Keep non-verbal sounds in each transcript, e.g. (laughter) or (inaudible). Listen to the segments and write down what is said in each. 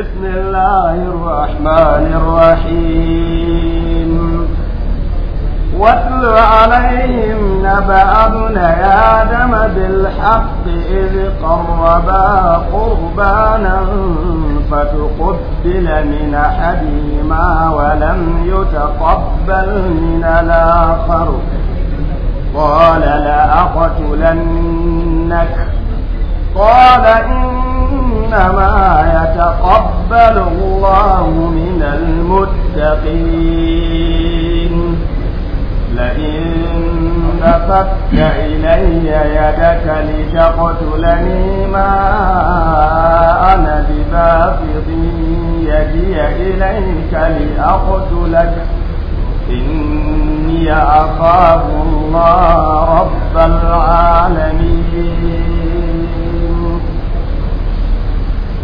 بسم الله الرحمن الرحيم واتل عليهم نبأ ابن آدم بالحق إذ قربا قربانا فتقبل من أحدهما ولم يتقبل من الآخر قال لأقتلنك قال إن إنما يتقبل الله من المتقين لئن نفذت إلي يدك لتقتلني ما أنا ببافض يدي إليك لأقتلك إني أخاف الله رب العالمين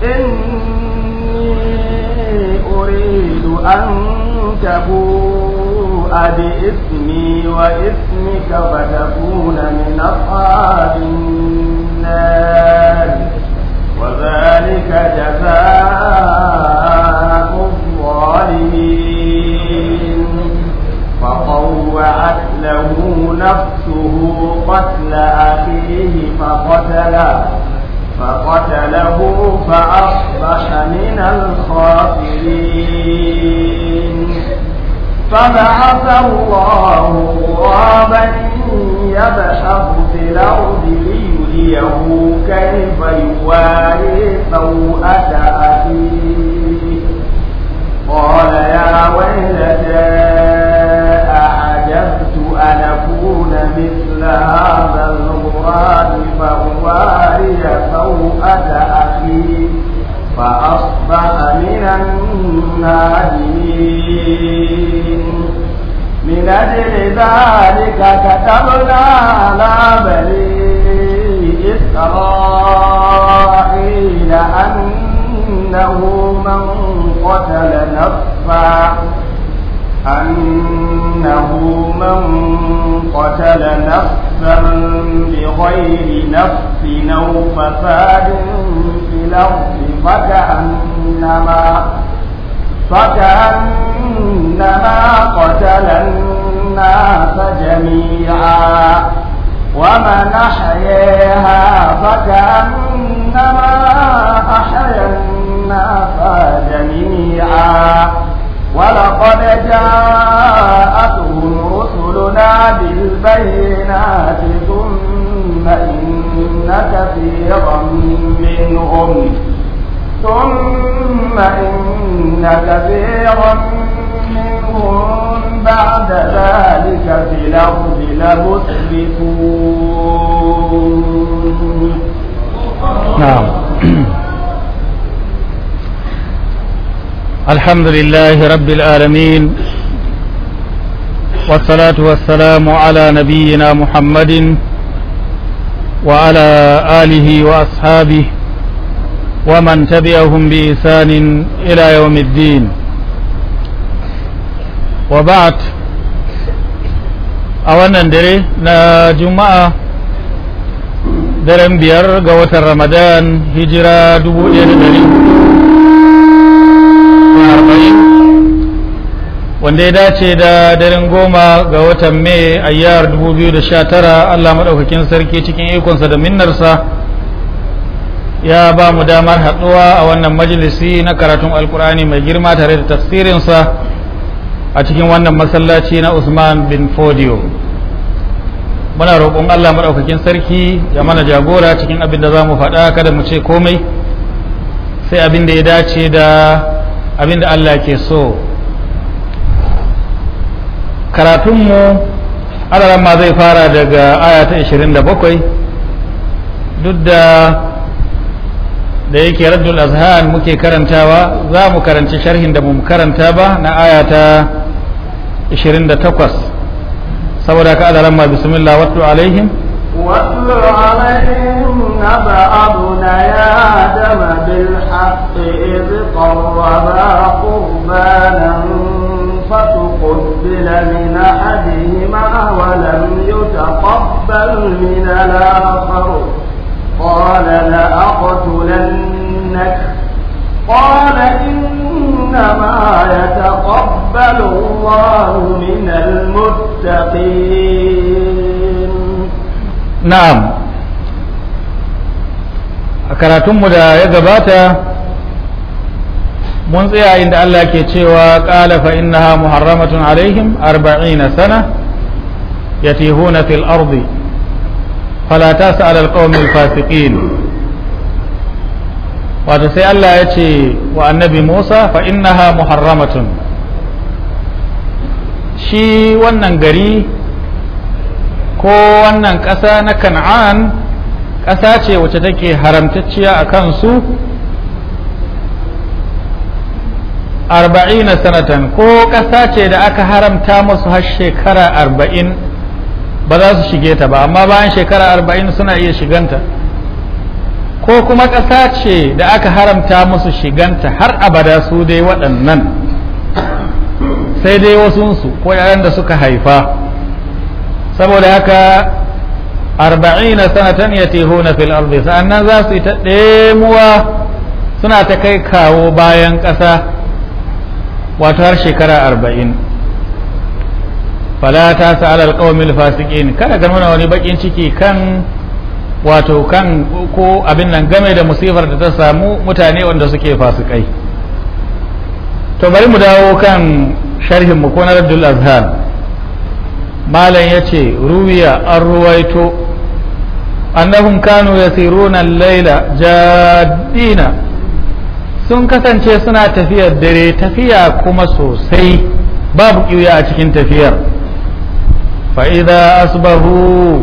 إني أريد أن تبوء بإثمي وإثمك فتكون من أصحاب النار وذلك جزاء الظالمين فطوعت له نفسه قتل أخيه فقتله فقتله فأصبح من الخاسرين فبعث الله غرابا يبحث في الأرض ليريه كيف يواري سوءة أخيه قال لأجل ذلك كتبنا على بني إسرائيل أنه من قتل نفسا أنه من قتل نفسا بغير نفس أو فساد في الأرض فكأنما فكأنما قتل النفس الناس جميعا ومن أحييها فكأنما أحيا الناس جميعا ولقد جاءتهم رسلنا بالبينات ثم إن كثيرا منهم ثم إن كثيرا منهم بعد ذلك في الأرض لمسرفون نعم (clears throat) الحمد لله رب العالمين والصلاة والسلام على نبينا محمد وعلى آله وأصحابه ومن تبعهم بإحسان إلى يوم الدين wa ba'at a wannan dare na juma'a daren biyar ga watan ramadan hijira 1440 wanda ya dace da daren goma ga watan mai ayyar 2019 allah maɗaukakin sarki cikin ikonsa da minnarsa ya ba mu damar haɗuwa a wannan majalisi na karatun alkur'ani mai girma tare da tafsirinsa a cikin wannan masallaci na Usman bin Fodio muna roƙon Allah maɗaukakin sarki ya mana jagora cikin abin da za mu faɗa kada mu ce komai sai abin da ya dace da abin da Allah ke so karatunmu adaran ma zai fara daga aya ta 27 duk da da yake raddul azhan muke karantawa za mu karanci sharhin da mu karanta ba na ayata. 28 saboda ka adaran ma bismillah wattu alaihim wattu alaihim naba abuna ya adama bil haqqi id qawwa qurbanan فتقبل من أحدهما ولم يتقبل من الآخر قال لأقتلنك لا قال إنما يتقبل الله من المتقين نعم karatunmu da ya gabata mun tsaya inda Allah ke cewa qala fa innaha muharramatun alaihim 40 sana yatihuna fil ardi fala tas'al al qawmi fasiqin wato sai Allah ya ce wa annabi Musa fa innaha muharramatun shi wannan gari ko wannan ƙasa na kan'an ƙasa ce wacce take haramtacciya a kansu arba'ina sanatan ko ƙasa ce da aka haramta musu har shekara arba'in ba za su shige ta ba amma bayan shekara arba'in suna iya shiganta ko kuma ƙasa ce da aka haramta musu shiganta har abada su dai waɗannan sai dai wasunsu ko yaran da suka haifa saboda haka arba'ina sanatan teho fil ardi sa'annan za su yi ta ɗemuwa suna ta kai kawo bayan ƙasa wato har shekara arba'in fala ta sa'al alqawmil fasikin, kada ga nuna wani baƙin ciki kan wato kan ko abin nan game da musifar da ta samu mutane wanda suke fasikai to bari mu dawo kan sharhin mu ko na Abdul Azhar malam yace ruwiya an ruwaito annahum kanu yasiruna al-laila jaddina sun kasance suna tafiyar dare tafiya kuma sosai babu ƙiya a cikin tafiyar fa idza asbahu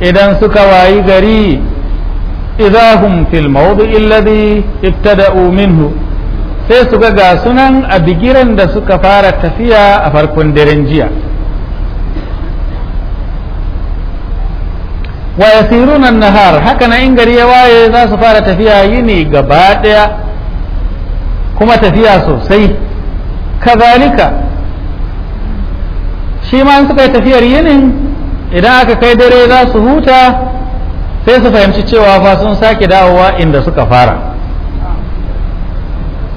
idan suka wayi gari izahun fil mawdu'i alladhi ibtada'u minhu sai su ga sunan a bigiran da suka fara tafiya a farkon daren jiya wa yasiruna an-nahar haka na in gari ya waye za su fara tafiya yini gaba daya kuma tafiya sosai kazalika shi ma in suka yi tafiyar yinin idan aka kai dare za su huta sai su fahimci cewa fa sun sake dawowa inda suka fara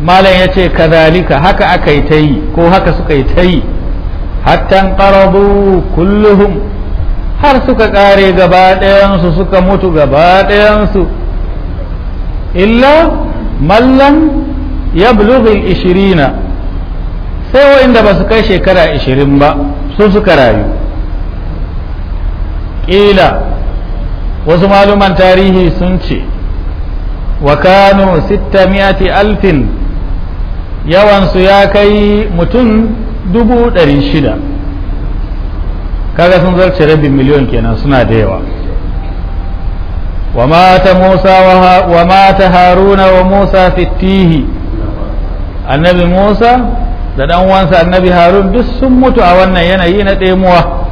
malam ya ce kazalika haka aka yi ta yi ko haka suka yi ta yi hattan ƙarabu kulluhum har suka ƙare gaba ɗayansu suka mutu gaba ɗayansu illa mallan ya bulughin ishirina sai wa'inda ba su kai shekara ishirin ba su suka rayu ƙila wasu maluman tarihi sun ce wa kano sittamiyati alfin yawansu ya kai mutum dubu shida kaga sun zarce rabin miliyon kenan suna da yawa wa mata musa wa mata haruna wa musa fittihi annabi musa da ɗan annabi harun duk sun mutu a wannan yanayi na ɗemuwa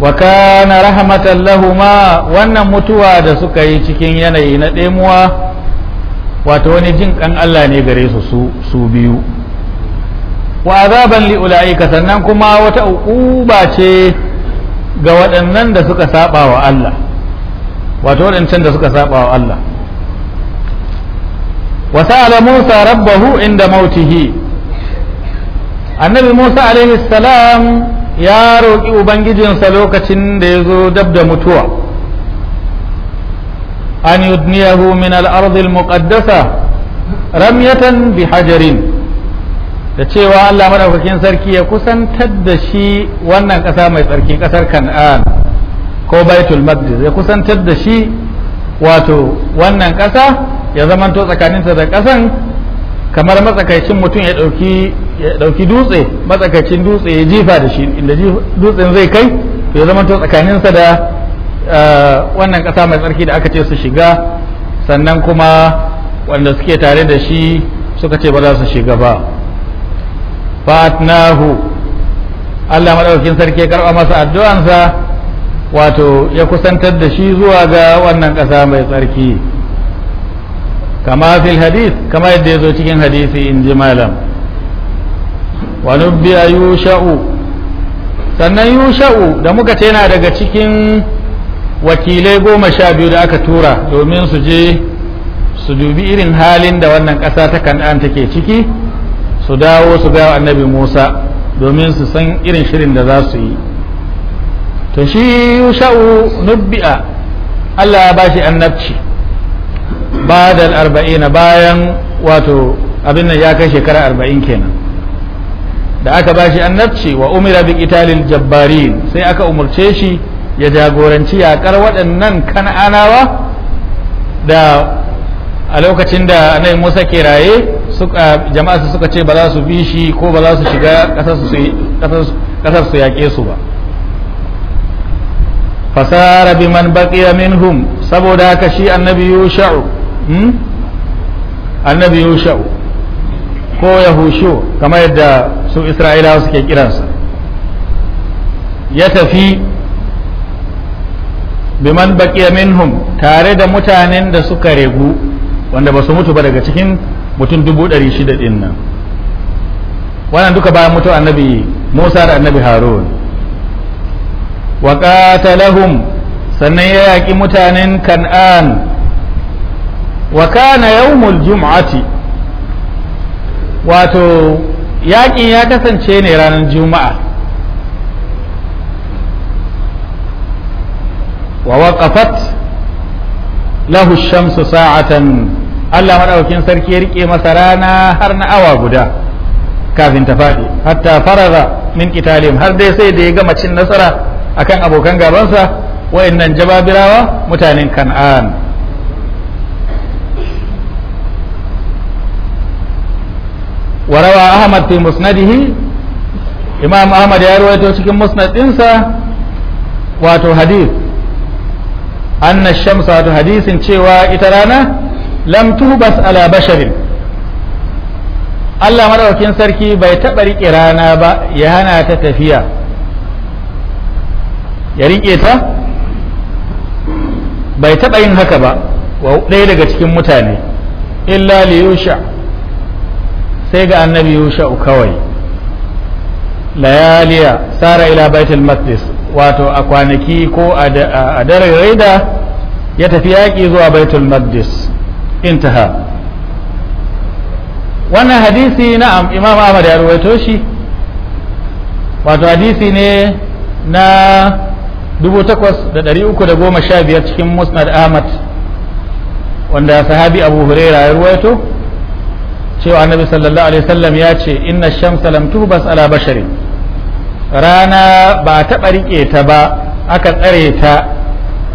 wa kana rahmatan lahuma wannan mutuwa da suka yi cikin yanayi na ɗemuwa wato wani jin kan Allah ne gare su su su biyu wa azaban li ulaika sannan kuma wata uquba ce ga waɗannan da suka saba wa Allah wato waɗancan da suka saba wa Allah rabbahu inda mautihi annabi Musa alaihi salam ya roƙi ubangijinsa lokacin da ya zo dab da mutuwa an yudniyahu min al muqaddasa ramyatan bi hajarin da cewa Allah madaukakin sarki ya kusantar da shi wannan ƙasa mai tsarki ƙasar Kan'an ko Baitul Maqdis ya kusantar da shi wato wannan ƙasa ya zamanto tsakaninsa da ƙasan kamar matsakaicin mutum ya ɗauki ya dauki dutse matsakaicin dutse ya jifa da shi inda dutsen zai kai to ya zamanto tsakaninsa da ah, wannan kasa mai tsarki da aka ce su shiga sannan kuma wanda suke tare da shi suka ce ba za su shiga ba fatnahu Allah maɗaukin sarki ya karba masa addu'ansa wato ya kusantar da shi zuwa ga wannan kasa mai tsarki kama fil hadith kama yadda ya zo cikin hadisi in ji malam wa nubbiya sannan yusha'u da muka ce yana daga cikin wakilai goma sha biyu da aka tura domin su je su dubi irin halin da wannan ƙasa ta kan'an take ciki su dawo su gaya annabi musa domin su san irin shirin da za su yi to shi yusha'u nubbi'a allah ya ba shi annabci ba da arba'ina bayan wato abin nan ya kai shekara arba'in kenan da aka bashi annabci wa umira bi qitalil jabbarin sai aka umarce shi ya jagoranci yakar waɗannan kan'anawa da a lokacin da annabi Musa ke raye jama'a su suka ce ba za su bi shi ko ba za su shiga ƙasarsu su yaƙe su ba fasara bi man baqiya minhum saboda haka shi annabi yusha'u hmm? annabi yusha'u ko yahushu kamar yadda su isra'ilawa suke kiransa ya tafi biman baqiya minhum tare da mutanen da suka regu wanda ba su mutu ba daga cikin mutum dubu ɗari shida ɗin nan wannan duka bayan mutu annabi musa da annabi harun wa qatalahum sannan ya yaƙi mutanen kan'an wa kana yawmul jum'ati wato yakin ya kasance ne ranar juma'a wa waƙafat lahu shamsu sa'atan Allah maɗaukin sarki ya riƙe masa rana har na awa guda kafin ta faɗi hatta faraga min qitalihim har dai sai da ya gama cin nasara akan abokan gabansa wayannan jababirawa mutanen kan'an وروى أحمد في مسنده إمام أحمد يروي cikin مسند إنسا واتو wato أن الشمس واتو حديث cewa ita rana lamtu tubas ala basharin Allah maɗaukin sarki bai taɓa riƙe rana ba ya ta tafiya ya riƙe ta bai taɓa yin haka ba wa ɗaya daga cikin mutane illa liyusha sai ga annabi Yusha kawai layaliya sara ila baitul maqdis wato a kwanaki ko a dare raida ya tafi yaki zuwa baitul maqdis intaha wannan hadisi na imam ahmad ya ruwaito shi wato hadisi ne na 8315 cikin musnad ahmad wanda sahabi abu huraira ya ruwaito cewa annabi sallallahu alaihi wasallam ya ce inna shamsa lam tubas ala bashari rana ba taɓa riƙe ta ba aka tsare ta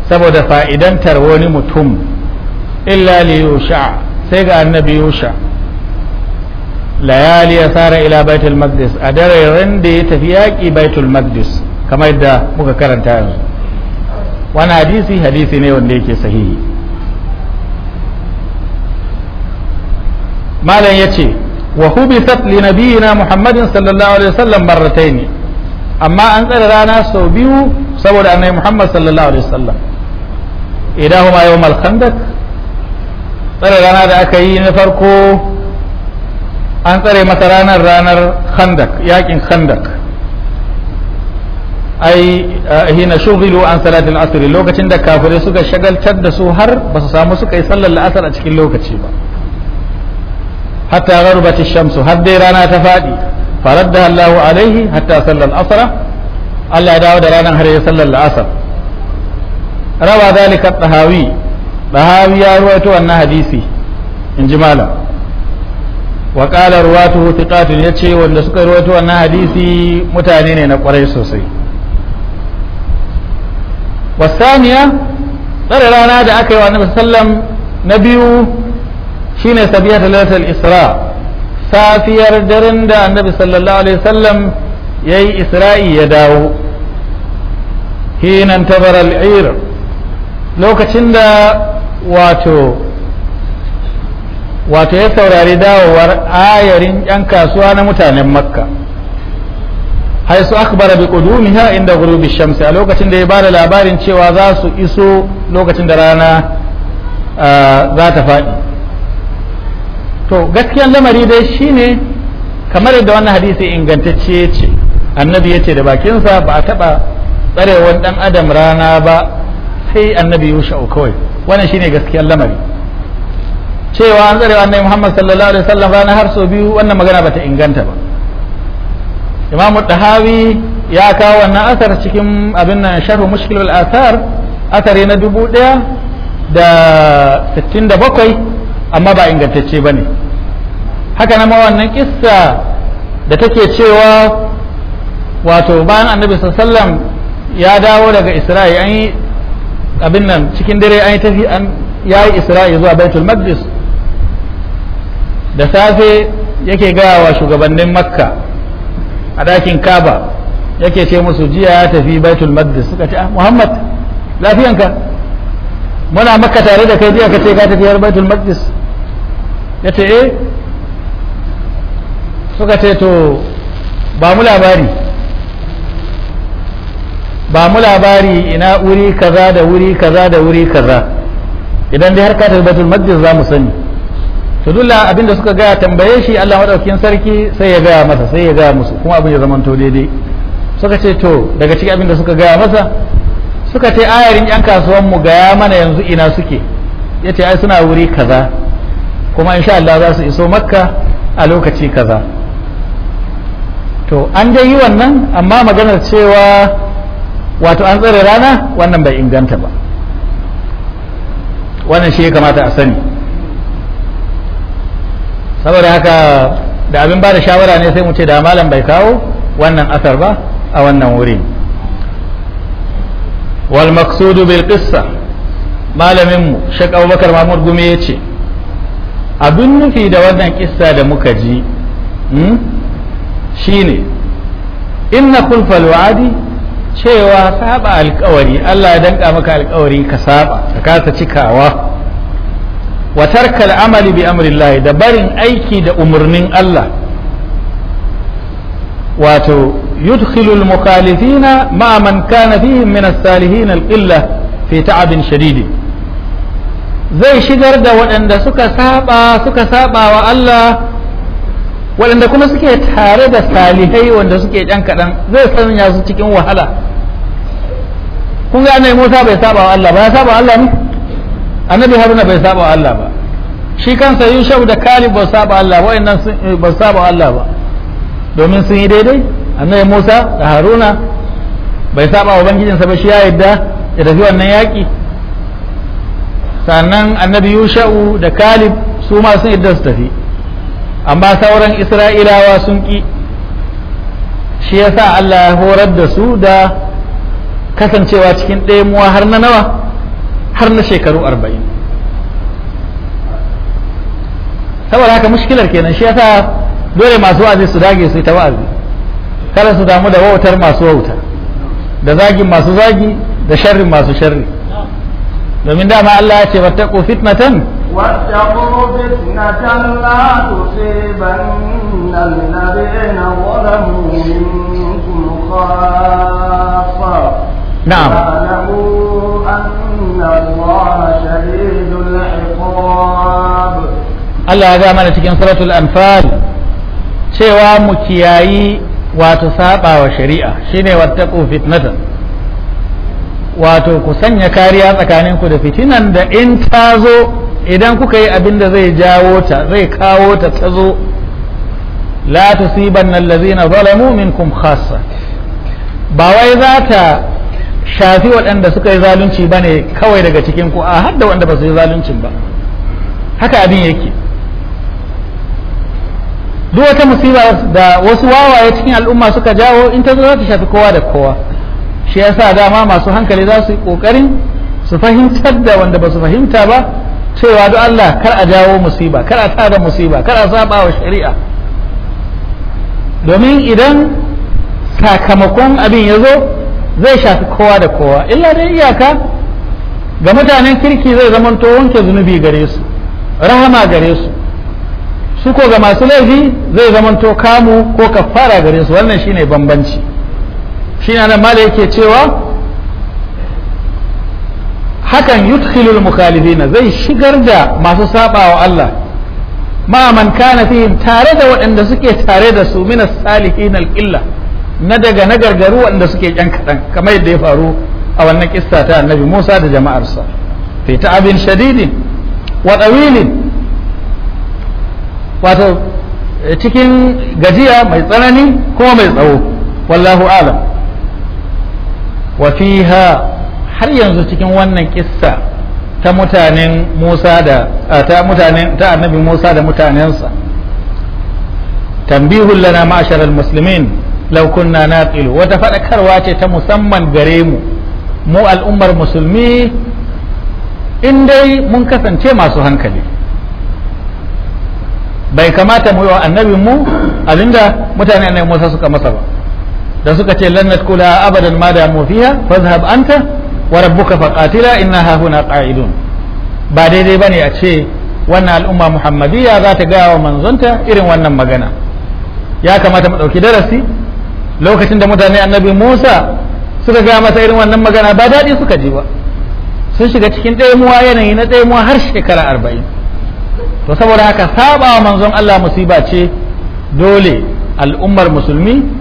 saboda fa'idantar wani mutum illa li yusha sai ga annabi yusha layali ya tsara ila baitul maqdis a ran da ya tafi yaƙi baitul maqdis kamar yadda muka karanta yanzu wani hadisi hadisi ne wanda yake sahihi malam ya ce wa hubisat li nabiyina muhammadin sallallahu alaihi wasallam marratayn amma an tsare rana sau biyu saboda annabi muhammad sallallahu alaihi wasallam idahuma yawmal khandaq tsare rana da aka yi na farko an tsare masa ranar ranar khandak yakin khandak ai eh, hina shughilu an salatul asr lokacin da kafirai suka shagaltar da su har ba su samu suka yi sallar la'asar a cikin lokaci ba hatta gharbat shamsu har dai rana ta fadi faradda Allahu alaihi hatta sallal asra Allah ya dawo da ranar har ya sallar asar rawa zalika tahawi tahawi ya ruwaito wannan hadisi in ji malam wa qala ruwatuhu thiqatun yace wanda suka ruwaito wannan hadisi mutane ne na kwarai sosai wasaniya tsare rana da aka yi wa annabi sallam na biyu shine sabiyatul lailatul isra safiyar daren da annabi sallallahu alaihi wasallam yayi isra'i ya dawo hinan tabar al'ir lokacin da wato ya saurari dawowar ayarin yan kasuwa na mutanen makka haisu akbara bi qudumiha inda gurubi shamsi a lokacin da ya bada labarin cewa za su iso lokacin da rana ah, za ta faɗi to gaskiyan lamari dai shine kamar yadda wannan hadisi ingantacce ya ce annabi ya ce da bakinsa ba a taba tsarewan dan adam rana ba sai annabi yusha'u kawai wannan shine gaskiyar lamari cewa an tsarewa annabi muhammad sallallahu alaihi wasallam rana har sau biyu wannan magana ba ta inganta ba imam dahawi ya kawo wannan asar cikin abin nan sharhu mushkilul asar asari na dubu ɗaya da sittin da bakwai amma ba ingantacce ba ne haka nan wannan kissa da take cewa wato bayan annabi sallam ya dawo daga isra'i an yi abin nan cikin dare an yi tafi an ya yi isra'i zuwa baitul maqdis da safe yake gaya wa shugabannin makka a dakin kaba yake ce musu jiya ya tafi baitul maqdis suka ce ah, muhammad lafiyanka muna makka tare da kai jiya ka ce ka tafi baitul maqdis Ya ce eh suka ce to ba mu labari ba mu labari ina wuri kaza da wuri kaza da wuri kaza idan dai har ka tabbatul majlis za mu sani to dulla da suka gaya tambaye shi Allah madaukakin sarki sai ya gaya masa sai ya gaya musu kuma abin ya to daidai suka ce to daga cikin abin da suka gaya masa suka ce ayarin yan kasuwan mu gaya mana yanzu ina suke yace ai suna wuri kaza kuma insha Allah za su iso makka a lokaci kaza to an dai yi wannan amma maganar cewa wato an tsare rana wannan bai inganta ba wannan shi ya kamata a sani saboda haka da abin ba da shawara ne sai mu ce da malam bai kawo wannan asar ba a wannan wuri wal maqsudu bil qissa malamin mu Abubakar Mahmud Gumi yace abin nufi da wannan kissa da muka ji hmm, shine inna kulfal wa'adi cewa saba alkawari Allah ya danka maka alkawari ka saba ka kasa cikawa wa tarkal amali bi amrillah da barin aiki da umarnin Allah wato yudkhilu al-mukhalifina ma man kana fihim min as-salihin al-qilla fi ta'abin shadidin zai shigar da waɗanda suka saba suka saba wa Allah waɗanda kuma suke tare da salihai wanda suke ɗan kaɗan zai sanya su cikin wahala kun ga annabi Musa bai saba wa Allah ba ya saba Allah ne annabi Haruna bai saba wa Allah ba shi kansa Yusuf da Kalib ba saba Allah ba waɗannan eh, ba saba Allah ba domin sun yi daidai annabi Musa da Haruna bai saba wa bangijinsa ba shi ya yarda da tafi wannan yaƙi sannan annabi yusha'u da kalib su ma sun idda su tafi amma sauran isra'ilawa sun ƙi shi yasa Allah ya horar da su da kasancewa cikin ɗaya har na nawa har na shekaru arba'in saboda haka mushkilar kenan shi yasa dole masu wa'azi su dage su ta wa'azi kada su damu da wautar masu wauta da zagin masu zagi da sharrin masu sharri domin dama Allah ya ce wattaqu fitnatan wattaqu fitnatan la tusibanna alladhina zalamu minkum khassa na'am ta'lamu anna Allah shadidul iqab Allah ya ga mana cikin suratul anfal cewa mu kiyayi wato saba wa shari'a shine wattaqu fitnatan wato ku sanya kariya tsakanin ku da fitinan da in ta zo idan kuka yi abin da zai jawo ta zai kawo ta ta zo la tusibanna allazina zalamu minkum khassa ba wai za ta shafi waɗanda suka yi zalunci ba ne kawai daga cikin ku a hadda wanda ba su yi zaluncin ba haka abin yake duk wata musiba da wasu wawaye cikin al'umma suka jawo in ta zo za ta shafi kowa da kowa shi yasa dama masu hankali za su yi kokarin su fahimtar da wanda ba su fahimta ba cewa don Allah kar a jawo musiba kar a tada musiba kar a saba wa shari'a domin idan sakamakon abin ya zo zai shafi kowa da kowa illa dai iyaka ga mutanen kirki zai zama to wanke zunubi gare su rahama gare su su ko ga masu laifi zai zama to kamu ko kafara gare su wannan shine bambanci shi na nan mala yake cewa hakan yudkhilul mukhalifina zai shigar da masu sabawa Allah ma man kana fihim tare da waɗanda suke tare da su min salihin alqilla na daga na gargaru waɗanda suke yan kadan kamar yadda ya faru a wannan kissa ta Annabi Musa da jama'arsa fi ta'abin shadidin wa dawilin wato cikin gajiya mai tsanani ko mai tsawo wallahu alam Wafiha har yanzu cikin wannan kissa ta mutanen Musa da ta mutanen ta annabi Musa da mutanensa tambihul lana ma'ashar muslimin law kunna naqil wata fadakarwa ce ta musamman gare mu mu al'ummar musulmi in dai mun kasance masu hankali bai kamata mu yi wa annabin mu abinda mutane annabi Musa suka masa ba da suka ce lan nadkula abadan ma da mu fiha fazhab anta wa rabbuka faqatila inna ha huna qa'idun ba daidai bane a ce wannan al'umma muhammadiyya za ta gaya wa manzonta irin wannan magana ya kamata mu ɗauki darasi lokacin da mutane annabi musa suka gaya masa irin wannan magana ba daɗi suka ji ba sun shiga cikin ɗaimuwa yanayi na ɗaimuwa har shekara arba'in to saboda haka saba wa manzon allah musiba ce dole al'ummar musulmi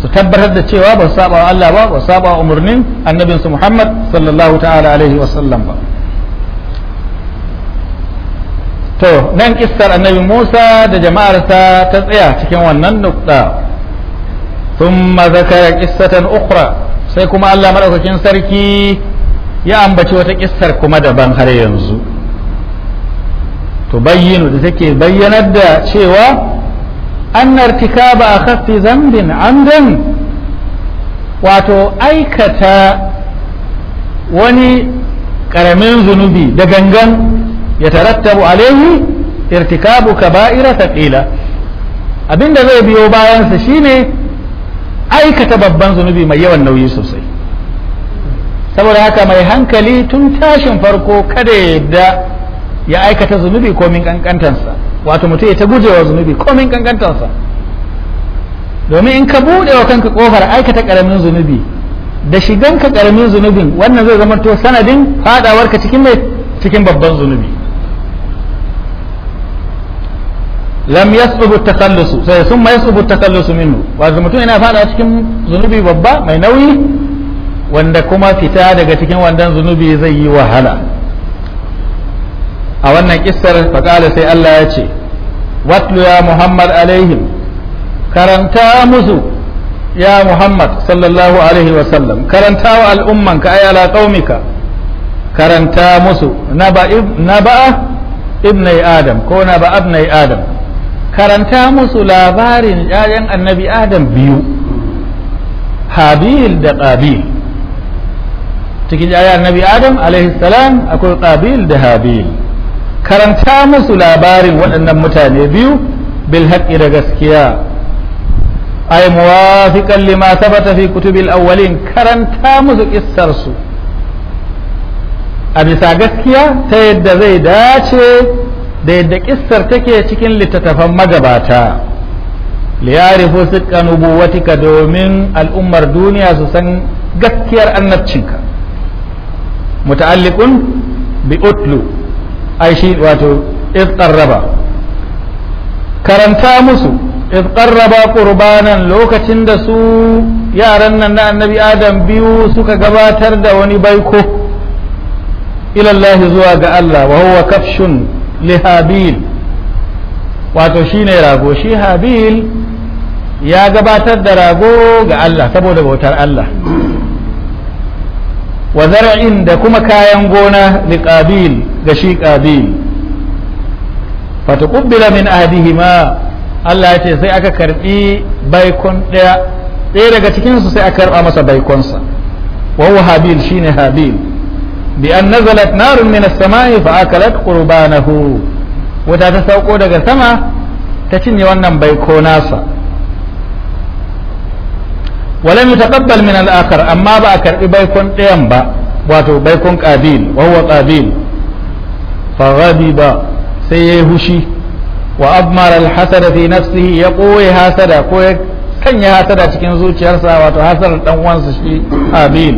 su tabbatar da cewa ba saba wa Allah ba ba saba wa umarnin annabinsu Muhammad sallallahu ta'ala alaihi sallam ba to nan kissar annabi Musa da jama'arsa ta tsaya cikin wannan nukta thumma zakara qissatan ukhra sai kuma Allah madaukakin sarki ya ambaci wata kissar kuma daban har yanzu to bayyinu da take bayyanar da cewa أن ارتكاب أخف ذنب عمدا wato aikata wani ƙaramin zunubi da gangan ya tarattabu alaihi irtikabu kaba'ira Abin abinda zai biyo bayansa shine aikata babban zunubi mai yawan nauyi sosai saboda haka mai hankali tun tashin farko kada ya yadda ya aikata zunubi ko min wato mutum ya ta gujewa zunubi komin kankantarsa domin in ka buɗe wa kanka ƙofar aikata ƙaramin zunubi da shiganka ka ƙaramin zunubin wannan zai zama to sanadin faɗawarka cikin mai cikin babban zunubi lam yasbu takallusu sai sun ma yasbu takallusu minhu wato mutum yana faɗa cikin zunubi babba mai nauyi wanda kuma fita daga cikin wannan zunubi zai yi wahala a wannan kissar faƙala sai Allah ya ce watlu ya Muhammad alaihim karanta musu ya Muhammad sallallahu alaihi wasallam karanta wa al'ummanka ay ala qaumika karanta musu naba'a ibnai adam ko naba ibnai adam karanta musu labarin ‘ya'yan annabi adam biyu habil da qabil cikin ‘ya'yan annabi adam alaihi salam akwai qabil da habil karanta musu labarin waɗannan mutane biyu bil da gaskiya ay muwafiqan lima sabata fi kutubil awwalin karanta musu kissar su a bisa gaskiya ta yadda zai dace da yadda kissar take cikin littattafan magabata liyarifu sika nubuwatika domin al'ummar duniya su san gaskiyar annabcinka muta'alliqun bi utlu ai shi wato ifqarraba karanta musu ifqarraba qurbanan lokacin da su yaran nan na annabi adam biyu suka gabatar da wani baiko ilallahi zuwa ga Allah wa huwa kafshun li habil wato shine rago shi habil ya gabatar da rago ga Allah saboda bautar Allah wa zar'in da kuma kayan gona liqabil ga shi qabil fataqubbila min ahadihima Allah ya ce sai aka karbi baikon daya ɗaya daga cikin su sai aka karba masa baikonsa wa huwa habil shine habil bi an nazalat narun min as-sama'i fa akalat qurbanahu wata ta sauko daga sama ta cinye wannan baiko nasa walam yataqabbal min al-akhar amma ba a karɓi baikon ɗayan ba wato baikon qabil wa huwa qabil fa ghadiba sai yayi hushi wa abmar hasada fi nafsihi ya koyi hasada ko ya sanya hasada cikin zuciyarsa wato hasadar dan uwansa shi qabil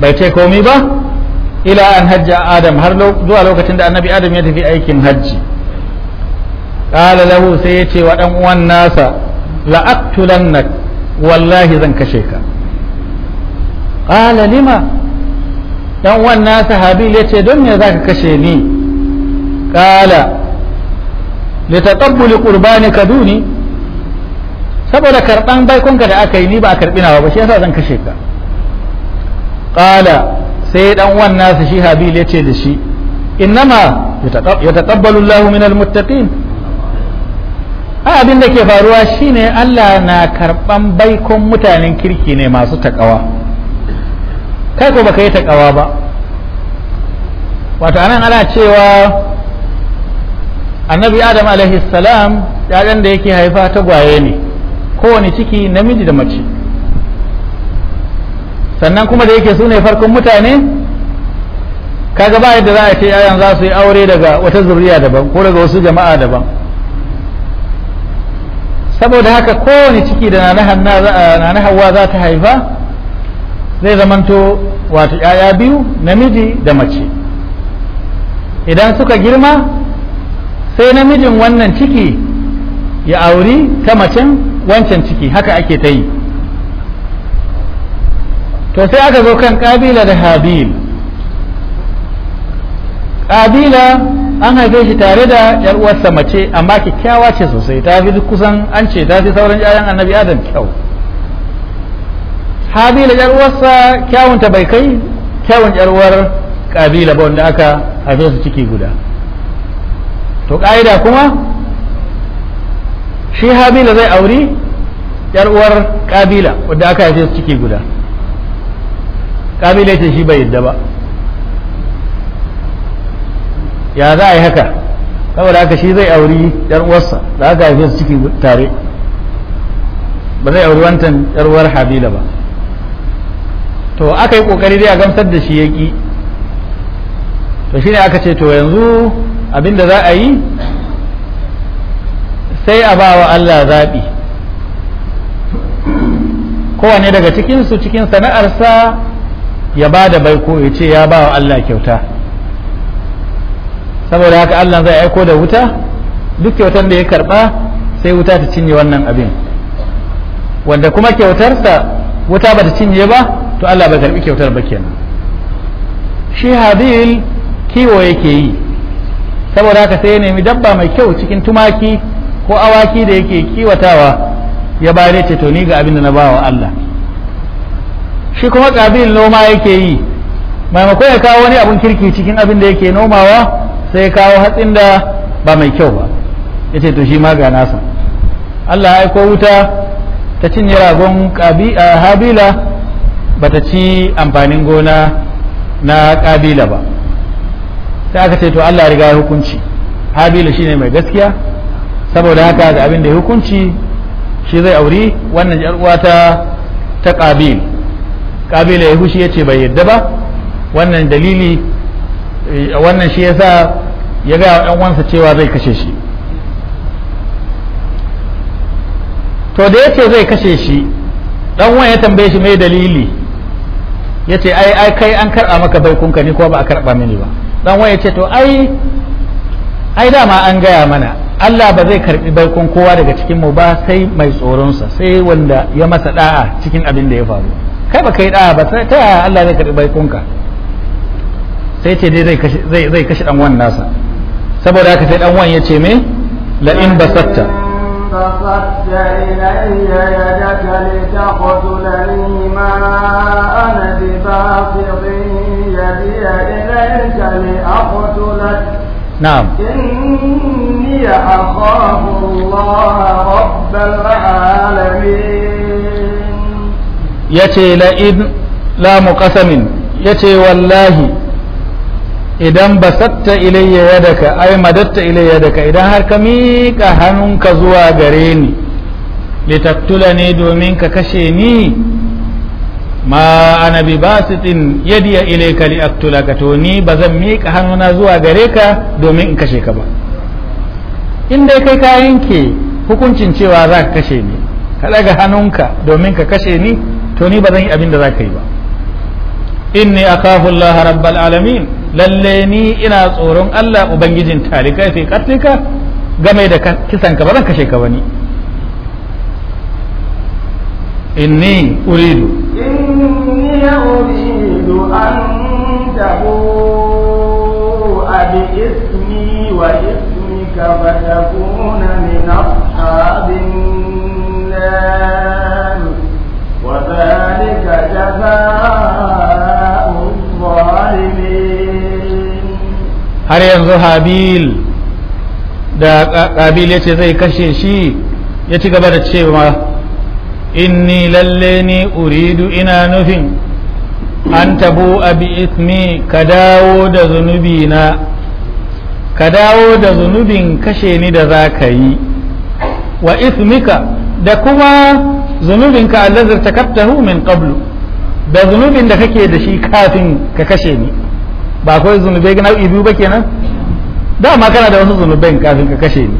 bai ce komai ba ila an hajja adam har zuwa lokacin da annabi adam ya tafi aikin hajji qala sai ya ce wa ɗan uwan nasa la'aqtulannak wallahi zan kashe ka ƙala lima dan wannan sahabi ce don me zaka kashe ni qala litaqabbul qurbanika duni saboda karɓan baikonka da aka yi ni ba a karbi nawa ba shi yasa zan kashe ka Ƙala sai dan wannan shi habil ce da shi innama yataqabbalu Allahu minal muttaqin abin da ke faruwa shine Allah na karɓan baikon mutanen kirki ne masu takawa kai ko baka yi takawa ba wato anan ana cewa annabi adam alaihi salam yayan da yake haifa ta gwaye ne kowane ciki namiji da mace sannan kuma da yake su ne farkon mutane kaga ba yadda za a ce yayan za su yi aure daga wata zuriya daban ko daga wasu jama'a daban saboda haka kowane ciki da na na hawa za ta haifa zai zamanto wato ‘ya'ya biyu namiji da mace idan suka girma sai namijin wannan ciki ya auri ta macen wancan ciki haka ake ta yi to sai aka zo kan ƙabila da habil ƙabila an haife shi tare da yar uwarsa mace amma kyakkyawa ce sosai ta fi kusan an ce ta fi sauran 'ya'yan annabi adam kyau habila yar uwarsa kyawunta bai kai kyawun yar uwar kabila ba wanda aka haife su ciki guda to ka'ida kuma shi habila zai auri yar uwar kabila wanda aka haife su ciki guda kabila ce shi bai yadda ba ya za a yi haka saboda haka shi zai auri yar uwarsa da aka haife su ciki tare ba zai auri wantan yar uwar habila ba to aka yi kokari dai a gamsar da shi ya ki to shine aka ce to yanzu abinda za a yi sai a ba wa Allah zaɓi kowane daga cikinsu cikin sana'arsa ya ba da baiko ya ce ya ba wa Allah kyauta saboda haka Allah zai aiko da wuta duk kyautar da ya karba sai wuta ta cinye wannan abin wanda kuma kyautarsa wuta ba ta cinye ba to Allah bai karbi kyautar ba kenan shi habil kiwo yake yi saboda haka sai ya nemi dabba mai kyau cikin tumaki ko awaki da yake kiwatawa ya bare ce to ni ga abin da na bawa Allah shi kuma kabil noma yake yi maimakon ya kawo wani abun kirki cikin abin da yake nomawa sai kawo hatsin da ba mai kyau ba ya ce to shi ma ga nasa Allah ya aiko wuta ta cinye ragon habila ba ta ci amfanin gona na kabila ba sai aka ce to Allah riga ya hukunci habila shine mai gaskiya saboda haka ga abin da ya hukunci shi zai auri wannan uwa ta ta kabil kabila ya hushi ya ce bai yadda ba wannan dalili eh, wannan shi yasa ya ga ɗan wansa cewa zai kashe shi to da ya ce zai kashe shi ɗan wani ya tambaye shi mai dalili ya ce ai ai kai an karɓa maka baikunka ni ko ba a karɓa mini ba ɗan wani ya ce to ai ai dama an gaya mana Allah ba zai karɓi baikon kowa daga cikin mu ba sai mai tsoronsa sai wanda ya masa da'a cikin abin da ya faru kai ba kai da'a ba sai, ta yaya Allah zai karɓi baikonka sai ce dai zai kashe dan wannan nasa saboda haka sai dan wan ya ce me la in basatta بسطت إلي يدك لتقتلني ما أنا بباسط يدي إليك لأقتلك نعم إني أخاف الله رب العالمين يتي لئن لا مقسم يتي والله idan basatta ilayya yadaka ay madatta ilayya yadaka idan har ka miƙa hannunka zuwa gare ni litaktula ne domin ka kashe ni ma ana bi basitin yadiya ilayka li aktulaka to ni ba zan miƙa hannuna zuwa gare ka domin in kashe ka ba in dai kai ka yanke hukuncin cewa za ka kashe ni ka daga hannunka domin ka kashe ni to ni ba zan yi abin da za ka yi ba inni akhafu Allah rabbal alamin lalle ni ina tsoron Allah ubangijin talika fi katika game da kisan ka ba kashe ka bane inni uridu inni uridu an tabu abi ismi wa ismika fatakuna min ashabin nar وذلك جزاء har yanzu habil da ƙabil ya ce zai kashe shi ya ci gaba da cewa inni lalle ni uridu ina nufin an tabu abi ismi ka dawo da zunubi na ka dawo da zunubin kashe ni da za ka yi wa ismika da kuma zunubinka allazir takaftahu min qablu da zunubin da kake da shi kafin ka kashe ni ba kawai zunubai nau'i biyu ba kenan dama kana da wasu zunubai kafin ka kashe ni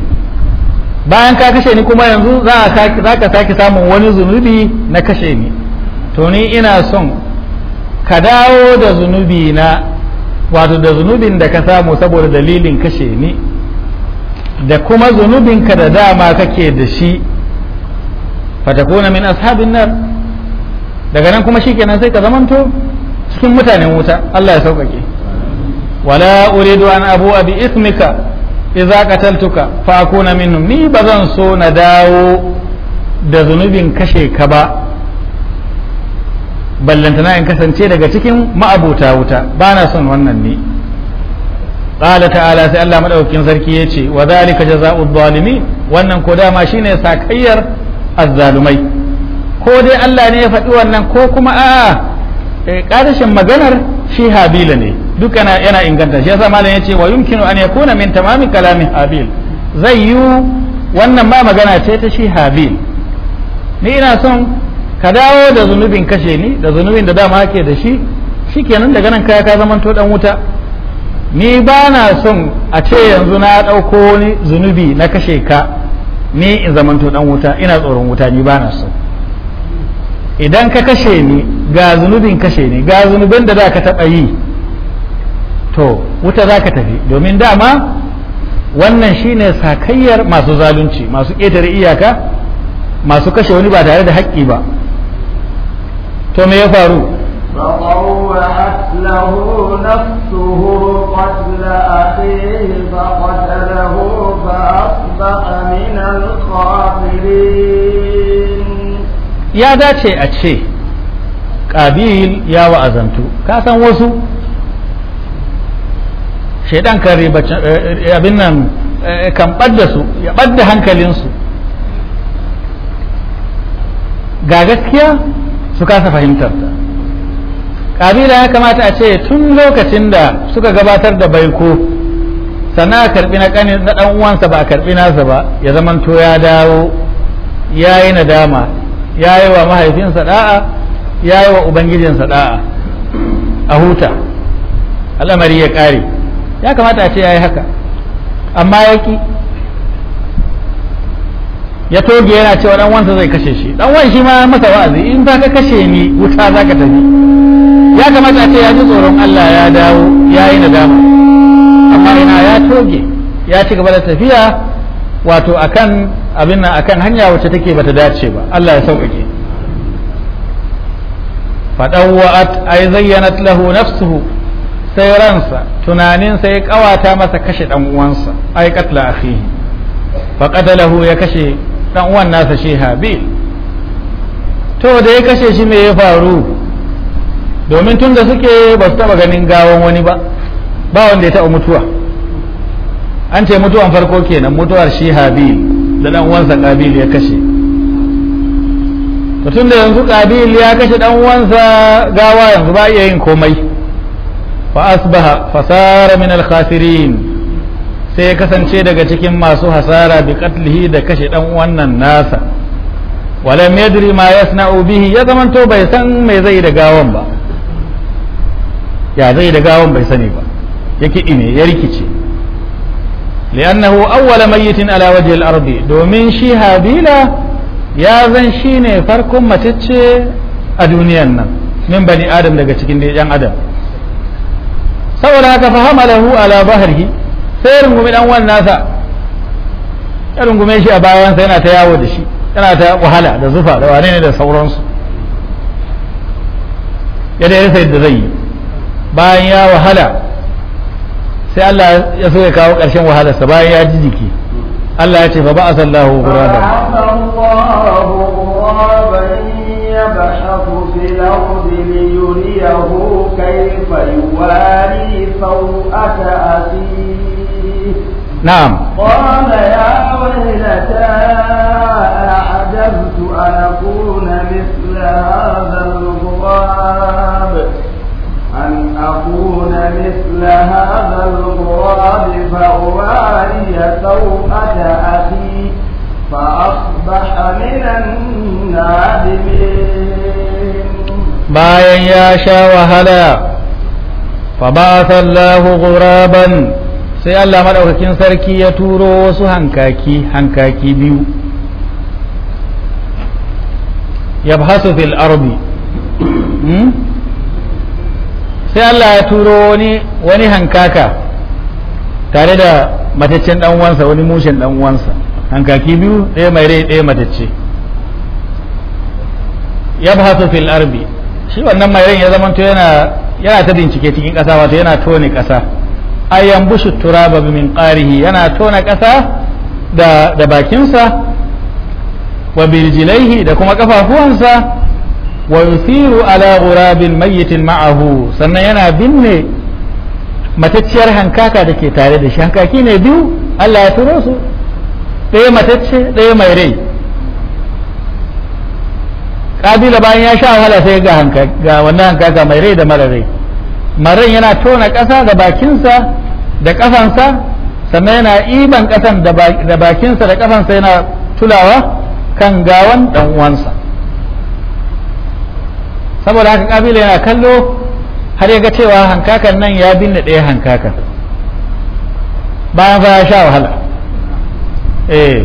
bayan ka kashe ni kuma yanzu za ka sake samun wani zunubi na kashe ni to ni ina son ka dawo da zunubi na wato da zunubin da ka samu saboda dalilin kashe ni da kuma zunubin ka da dama kake da shi fatakuna min ashabin nar daga nan kuma shikenan sai ka zamanto cikin mutanen wuta Allah ya sauƙaƙe wala uridu an abu'a bi ismika idza qataltuka fa na min ni ba zan so na dawo da zunubin kashe ka ba ballantana in kasance daga cikin ma'abuta wuta bana son wannan ni qala ta'ala sai Allah maɗaukin sarki yace wa zalika jazaa'u zalimin wannan ko dama shine sakayyar azzalumai ko dai Allah ne ya faɗi wannan ko kuma a'a ƙarashin eh, maganar shi habila ne duka yana inganta shi yasa malam yace wa yumkinu an yakuna min tamamin kalamin habil zai yi wannan ma magana ce ta shi habil ni ina son ka dawo da zunubin kashe ni da zunubin da dama ake da shi shikenan daga nan kaya ka zama to dan wuta ni ba na son a ce yanzu na ɗauko wani zunubi na kashe ka ni in zamanto dan wuta ina tsoron wuta ni ba na son. idan ka kashe ni ga zunubin kashe ni ga zunubin da za ka taɓa yi to wuta za ka tafi domin dama wannan shine sakayyar masu zalunci masu ƙetare iyaka masu kashe wani ba tare da haƙƙi ba to me ya faru فطوعت له نفسه قتل أخيه فقتله فأصبح من الخاسرين ya dace a ce ƙabil ya wa'azantu ka san wasu shaidan kan eh, abin nan eh, kan ɓadda su ya ɓadda hankalinsu ga gaskiya su kasa fahimtar ta ƙabila ya kamata a ce tun lokacin da suka gabatar da baiko sana karbi na na ɗan uwansa ba a karbi nasa ba ya zamanto ya dawo ya yi nadama ya yi wa mahaifinsa da'a ya yi wa ubangijinsa da'a a huta al'amari ya ƙare ya kamata a ce ya yi haka amma ya ki ya toge yana cewa dan wansa zai kashe shi dan wan shi ma masa wa'azi in ba ka kashe ni wuta za ka tafi ya kamata a ce ya ji tsoron Allah ya dawo ya yi nadama amma ina ya toge ya ci gaba da tafiya wato akan abin nan akan hanya wacce take bata dace ba Allah ya sauƙaƙe fadawwa'at ay zayyanat lahu nafsuhu sai ransa tunanin sai ya kawata masa kashe dan uwansa ay qatla akhihi faqadalahu ya kashe dan uwan nasa shi habil to da ya kashe shi me ya faru domin tun da suke ba su taba ganin gawan wani ba ba wanda ya taba mutuwa an ce mutuwan farko kenan mutuwar shi habil da dan uwansa Qabil ya kashe to tunda yanzu Qabil ya kashe dan uwansa gawa yanzu ba iya yin komai fa asbaha fasara min al khasirin sai ya kasance daga cikin masu hasara bi qatlihi da kashe dan wannan nasa walam yadri ma yasna'u bihi ya zamanto bai san me zai da gawan ba ya zai da gawan bai sani ba ya kiɗi ya rikice li'annahu awwala mayyitin ala wajhi al-ardi domin shi habila ya zan ne farkon matacce a duniyan nan min bani adam daga cikin da adam Sa'ura ka fahama lahu ala bahrihi sai rungumi dan wan nasa ya rungume shi a bayansa yana ta yawo da shi yana ta wahala da zufa da wane ne da sauransu ya da yadda zai yi bayan ya wahala sai Allah ya so ya kawo ƙarshen wahalarsa bayan ya ji jiki Allah ya ce fa ba'a sallahu ghuraban يبحث في الأرض ليريه كيف يواري سوءة أخيه نعم قال يا ويلتى أعجبت أن أكون مثل هذا الغراب أكون مثل هذا الغراب فأواري سوءة أخي فأصبح من النادمين bayan ya sha wahala fa ba sallahu ghuraban sai Allah madaukakin sarki ya turo wasu hankaki hankaki biyu yabhasu fil ardi sai Allah ya turo wani wani hankaka tare da mataccen dan uwansa wani mushin dan uwansa hankaki biyu ɗaya mai rai ɗaya matacce yabhasu fil arbi shi wannan mai rai ya to yana yana ta bincike cikin ƙasa wato yana tone ƙasa ayan bushu turaba min qarihi yana tona ƙasa da da bakinsa wa birjilaihi da kuma kafafuwansa wa yusiru ala ghurabil mayyitin ma'ahu sannan yana binne matacciyar hankaka da ke tare da shi hankaki ne biyu Allah ya turo su ɗaya matacce ɗaya mai rai kabila bayan ya sha wahala sai ga ga wannan hankaka mai rai da mara rai maran yana tona ƙasa da bakinsa da ƙafansa sannan yana iban ƙasan da bakinsa da ƙafansa yana tulawa kan gawan ɗan uwansa saboda haka kabila yana kallo har ya ga cewa hankakan nan ya binne ɗaya hankakan bayan fa ya sha wahala eh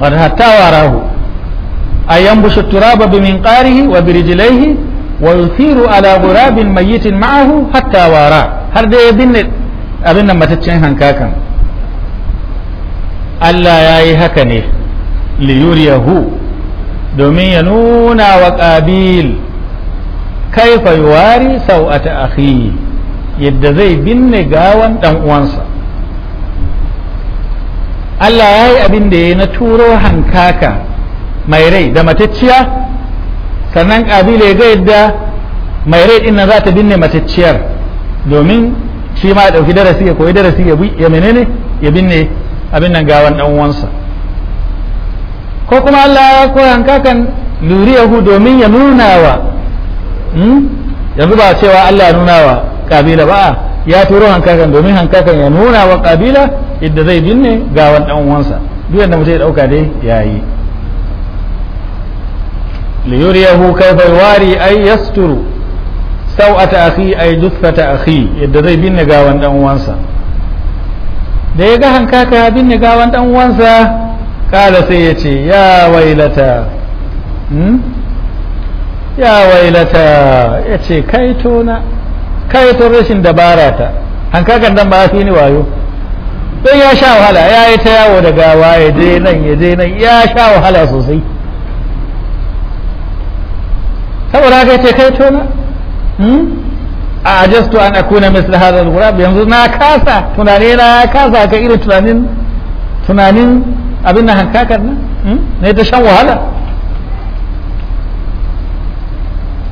wani hatta warahu a yambushe turaba bi min qarihi wa birjilaihi wa yuthiru ala gurabin mayitin ma'ahu hatta wara har da ya binne abin nan mataccen hankakan Allah ya yi haka ne liyuriyahu domin ya nuna wa ƙabil kaifa yuwari a ta yadda zai binne gawan ɗan uwansa Allah ya yi abin da ya na turo hankaka mai rai da matacciya sannan ƙabila ya ga yadda mai rai ɗin za ta binne matacciyar domin shi ma ya ɗauki darasi ya koyi darasi ya menene ya binne abin nan gawan ɗan'uwansa. ko kuma Allah ya koyan kakan yahu domin ya nuna wa hmm? yanzu ba cewa Allah ya nuna wa kabila ba ya turo hankakan domin hankakan ya nuna wa kabila idda zai binne gawan dan uwansa duk yadda mutai ya dauka dai yayi yuriyahu kayfa yuwari ay yasturu sawata akhi ay juffata akhi yadda zai binne gawan dan uwansa da ya ga hankaka binne gawan dan uwansa kala sai ya ce ya wailata ya wailata ya ce kaito na kaito rashin dabara ta an kakan dan ba fi ni wayo don ya sha wahala ya yi ta yawo da gawa ya je nan ya je nan ya sha wahala sosai saboda haka ce kai tona a ajastu an akuna misli hadha al yanzu na kasa tunanina ya kasa ka irin tunanin tunanin abin hmm? na hankakan nan ne ta shan wahala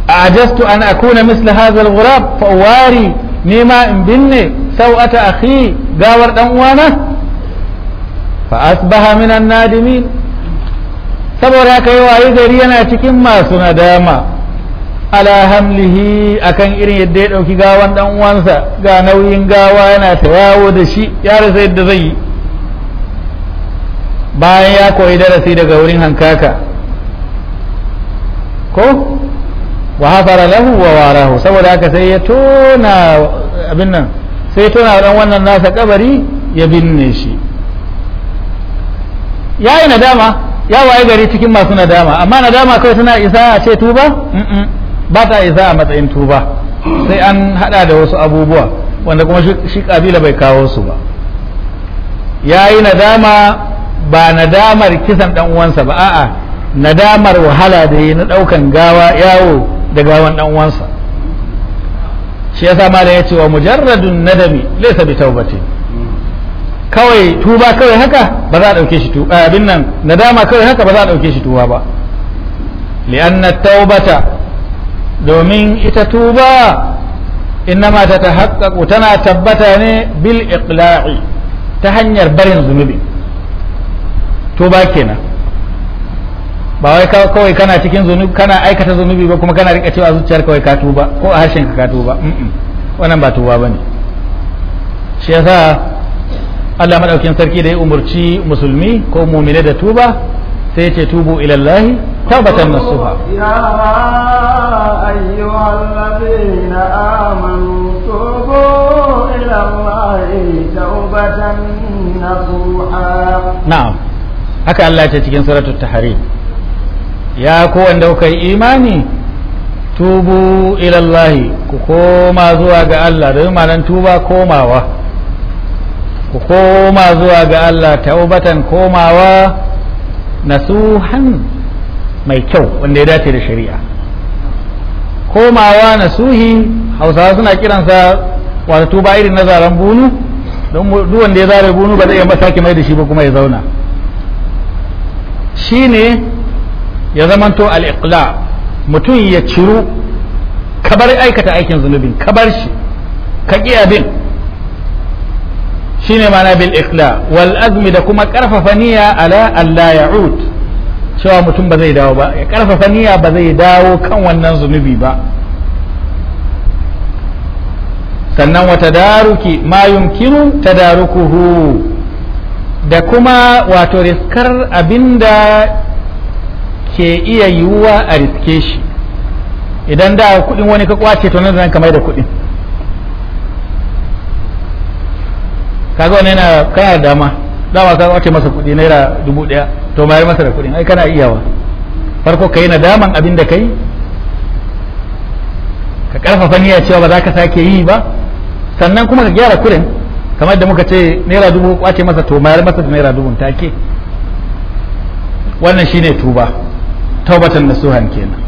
أعجزت أن أكون مثل هذا الغراب فأواري نما إن بني سوءة أخي قاور أموانه فأصبح من النادمين saboda ka yi ayi gari yana cikin masu nadama ala hamlihi akan irin yadda ya ɗauki gawan ɗan uwansa ga nauyin gawa yana ta yawo da shi ya rasa yadda zai yi bayan ya koyi darasi daga wurin hankaka ko wa hafara lahu wa warahu saboda haka sai ya tona abin nan sai ya tona dan wannan nasa kabari ya binne shi ya yi nadama ya waye gari cikin masu nadama amma nadama kawai tana isa a ce tuba ba ta isa a matsayin tuba sai an hada da wasu abubuwa wanda kuma shi kabila bai kawo su ba yayi yi nadama ba nadamar kisan dan uwansa ba a'a nadamar wahala da yi na daukan gawa yawo da gawan dan uwansa shi yasa ma da ce wa mujarradun nadami laysa bi taubatin kawai tuba kawai haka ba za a dauke shi tuba eh, abin nan nadama kawai haka ba za a dauke shi tuba ba li'anna taubata domin ita tuba innama ta tahaqqaqu tana tabbata ne bil iqla'i ta hanyar barin zunubi tuba kenan ba wai kawai kana cikin zunubi kana aikata zunubi ba kuma kana rika cewa zuciyar kawai ka tuba ko a harshen ka tuba wannan ba tuba bane shi yasa Allah madaukin sarki da ya umurci musulmi ko mu'mine da tuba sai ya ce tubu ila Allah tabatan nasuha ya ayyuhallazina amanu tubu ila Allah tabatan nasuha na'am haka Allah ce cikin suratul tahrim ya ku wanda kuka yi imani tubu ilallahi ku koma zuwa ga Allah domin ma'anar tuba komawa ku koma zuwa ga Allah taubatan komawa nasuhan mai kyau wanda ya dace da shari'a komawa nasuhi hausawa suna kiransa wata tuba irin na zaren bunu don duk wanda ya zare bunu ba zai iya sake mai da shi ba kuma ya zauna Shi ne ya zamanto al mutum ya ciru ka bar aikata aikin zunubin ka bar shi ka ƙi abin shine mana bil iqla wal da kuma ƙarfafa niyya ala alla ya'ud cewa mutum ba zai dawo ba ya ƙarfafa niyya ba zai dawo kan wannan zunubi ba sannan wata daruki ma ta tadarukuhu da kuma wato riskar abinda ke iya yiwuwa a riske shi idan da kudin wani ka kwace to nan zan kamar da kudin kaga wani yana kana da dama dama ka kwace masa kudi naira dubu daya to mayar masa da kudin ai kana iyawa farko kai nadaman abin da kai ka karfafa niyya cewa ba za ka sake yi ba sannan kuma ka gyara kudin kamar da muka ce naira dubu kwace masa to mayar masa da naira dubun take wannan shine tuba taubatan nasuhan kenan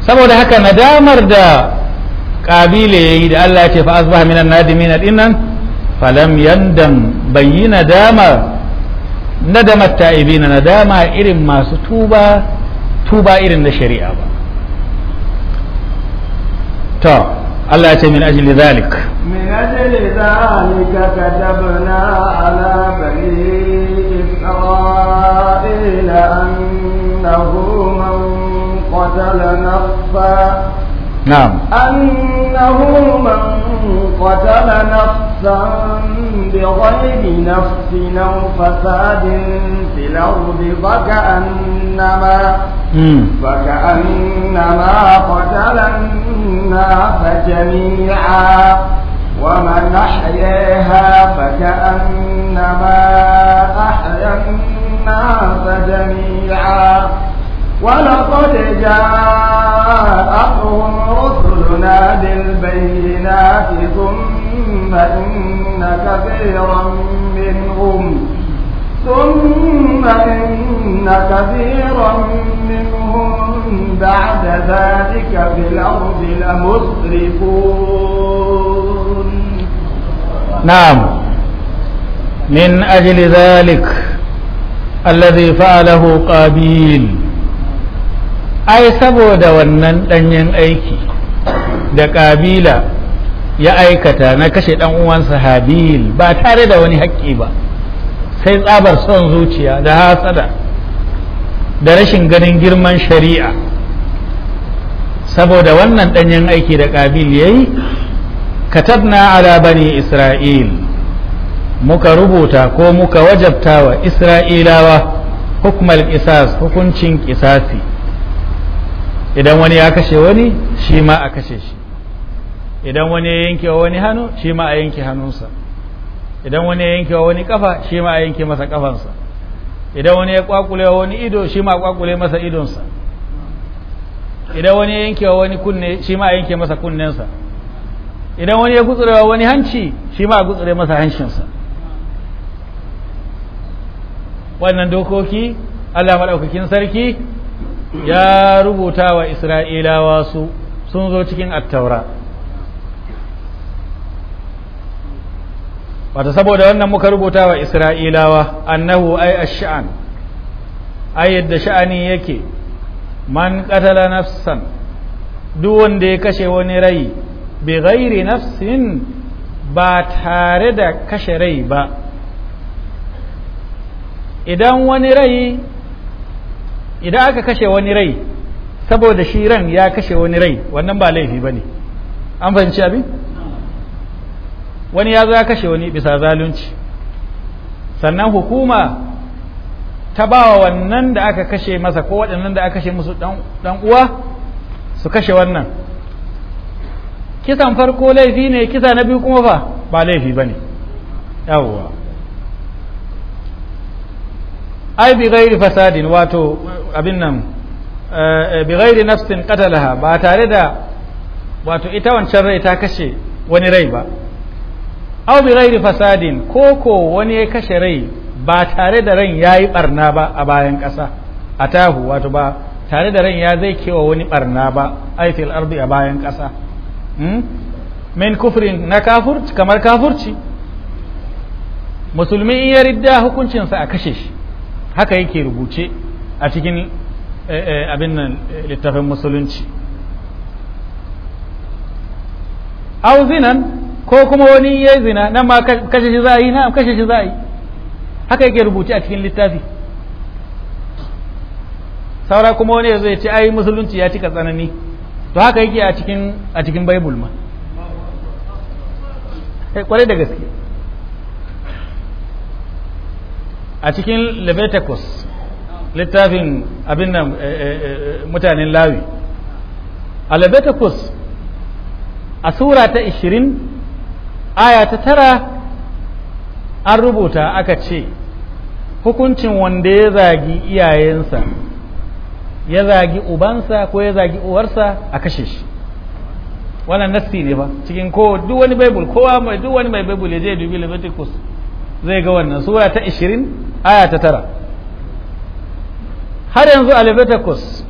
saboda haka nadamar da kabile yayi da Allah ya ce fa asbaha minan nadimin dinnan falam yandam bayyana dama nadamar ta'ibina nadama irin masu tuba tuba irin na shari'a ba Allah ya ce min ajli zalik min ajli zalika katabna ala bani isra'ila annahu man qatala nafsa بغير نفس أو فساد في الأرض فكأنما فكأنما قتل الناس جميعا ومن أحياها فكأنما أحيا الناس جميعا ولقد جاءهم رسلنا بالبينات ثم ثم إن كثيرا منهم ثم إن كثيرا منهم بعد ذلك في الأرض لمسرفون نعم من أجل ذلك الذي فعله قابيل أي سبو ونن لن ينأيكي da ƙabila ya aikata na kashe ɗan uwansa habil ba tare da wani haƙƙi ba sai tsabar son zuciya da hasada da rashin ganin girman shari'a saboda wannan ɗanyen aiki da ƙabil ya yi katabna ala bani isra'il muka rubuta ko muka wajabta wa isra'ilawa hukumar kisas hukuncin kisasi idan wani ya kashe wani shi ma a kashe shi idan wani ya yanke wa wani hannu shi ma a yanke hannunsa idan wani ya yanke wa wani kafa shi ma a yanke masa kafansa idan wani ya kwakule wa wani ido shi ma a kwakule masa idonsa idan wani ya yanke wa wani kunne shi ma a yanke masa kunnensa idan wani ya gutsure wa wani hanci shi ma a gutsure masa hancinsa wannan dokoki Allah maɗaukakin sarki ya rubuta wa Isra'ilawa su sun zo cikin attaura wata saboda wannan muka rubuta wa isra'ilawa annahu ai ash'an shaan ai yadda sha'ani yake man qatala nafsan duk wanda ya kashe wani rai bi ghairi nafsin ba tare da kashe rai ba idan wani rai idan aka kashe wani rai saboda shi ran ya kashe wani rai wannan ba laifi bane an fahimci abin wani ya zo ya kashe wani bisa zalunci sannan hukuma ta ba wa wannan da aka kashe masa ko waɗannan da aka kashe musu ɗan uwa su kashe wannan kisan farko laifi ne kisa na biyu kuma fa ba laifi ba ne yawwa ai bi gairi fasadin wato abin nan eh, bi gairi nafsin qatalaha ba tare da wato ita wancan rai ta kashe wani rai ba aw bi ghairi fasadin ko ko wani ya kashe rai ba tare da ran yayi barna ba a bayan ƙasa atahu wato ba tare da ran ya zai kewa wani barna ba aitil ardi a bayan ƙasa hmm? min kufrin na kafurci kamar kafurci musulmi in ya ridda hukuncinsa a kashe shi haka yake rubuce a cikin eh, eh, abin nan eh, littafin musulunci auzinan ko kuma wani ya yi zina nan ma kashe shi za a yi na kashe shi za a yi haka yake rubuce a cikin littafi saura kuma wani ya zo ce ai musulunci ya cika tsanani to haka yake a cikin a cikin baibul ma eh, kwarai da gaske a cikin leviticus littafin abin nan eh, eh, mutanen lawi a leviticus a sura ta 20 aya ta tara an rubuta aka ce hukuncin wanda ya zagi iyayensa ya zagi ubansa ko ya zagi uwarsa a kashe shi wannan nasti ne ba cikin ko duk wani baibul kowa mai duk wani mai baibul ya je dubi Leviticus zai ga wannan sura ta 20 aya ta tara har yanzu a Leviticus